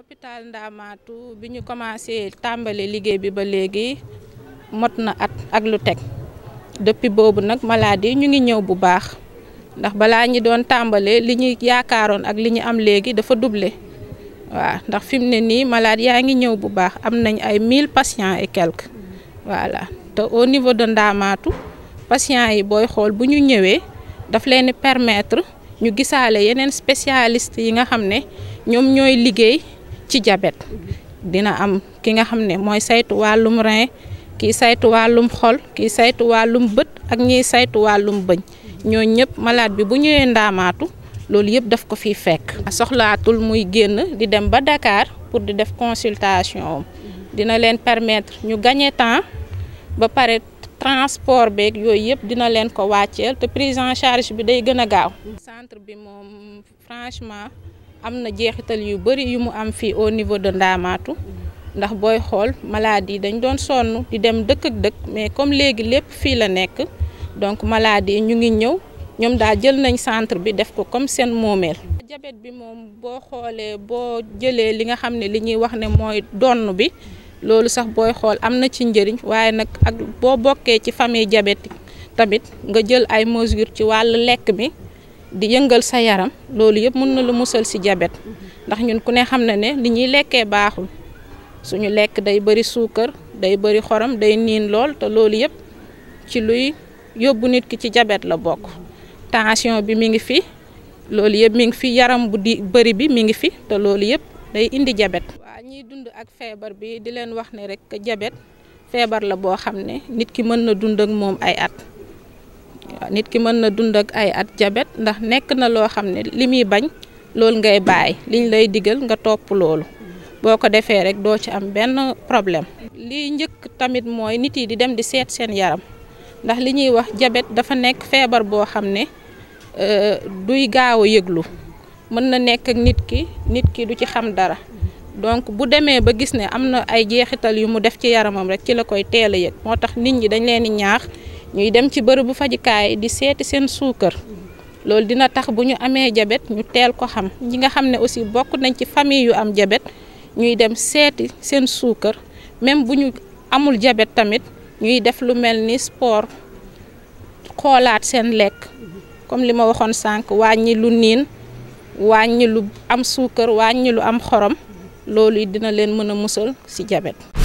hôpital Ndamaatu bi ñu commencé tàmbali liggéey bi ba léegi mot na at ak lu teg depuis boobu nag malade yi ñu ngi ñëw bu baax ndax balaa ñi doon tàmbale li ñu yaakaaroon ak li ñu am léegi dafa duble waa ndax fi mu ne nii malaad yaa ngi ñëw bu baax am nañ ay mille patients et quelques te au niveau de Ndamaatu patients yi booy xool bu ñu ñëwee daf leen permettre ñu gisaale yeneen spécialiste yi nga xam ne ñoom ñooy liggéey ci jabet dina am ki nga xam ne mooy saytu wàllum rein kii saytu wàllum xol kii saytu wàllum bët ak ñiy saytu wàllum bëñ ñoo ñëpp malaat bi bu ñëwee ndaamaatu loolu yëpp daf ko fiy fekk. soxlaatul muy génn di dem ba dakaar pour di def consultation am dina leen permettre ñu gagner temps ba pare transport beek yooyu yëpp dina leen ko wàcceel te prise en charge bi day gën a gaaw. centre bi moom franchement. am na jeexital yu bëri yu mu am fii au niveau de Ndaamaatu ndax booy xool maladie dañ doon sonn di dem dëkk ak dëkk mais comme léegi lépp fii la nekk donc maladie ñu ngi ñëw ñoom daa jël nañ centre bi def ko comme seen moomeel. jabet bi moom boo xoolee boo jëlee li nga xam ne li ñuy wax ne mooy donn bi loolu sax booy xool am na ci njëriñ waaye nag ak boo bokkee ci famille jabet tamit nga jël ay mesures ci wàll lekk bi. di yëngal sa yaram loolu yëpp mën na la musal ci jabet ndax ñun ku ne xam na ne li ñuy lekkee baaxul suñu lekk day bari suukar day bari xorom day niin lool te loolu yëpp ci luy yóbbu nit ki ci jabet la bokk tension bi mi ngi fi loolu yëpp mi ngi fi yaram bu di bari bi mi ngi fi te loolu yëpp day indi jabet waa ñiy dund ak feebar bi di leen wax ne rek jabet feebar la boo xam ne nit ki mën na dund ak moom ay at nit ki mën na dund ak ay at jabet ndax nekk na loo xam ne li muy bañ loolu ngay bàyyi liñ lay digal nga topp loolu boo ko defee rek doo ci am benn problème. lii njëkk tamit mooy nit yi di dem di seet seen yaram ndax li ñuy wax jabet dafa nekk feebar boo xam ne euh, duy gaaw a yëglu mën na nekk ak nit ki nit ki du ci xam dara donc bu demee ba gis ne am na ay jeexital yu mu def ci yaramam rek ci la koy teela yëg moo tax nit ñi dañ leen di ñaax. ñuy dem ci bërëbu fajukaay di seeti seen suukar loolu dina tax bu ñu amee jabet ñu teel ko xam ñi nga xam ne aussi bokk nañ ci famille yu am jabet ñuy dem seeti seen suukar même bu ñu amul jabet tamit ñuy def lu mel ni sport xoolaat seen lekk comme li ma waxoon sànq wàññi lu niin wàññi lu am suukar wàññi lu am xorom loolu dina leen mën a musal ci jabet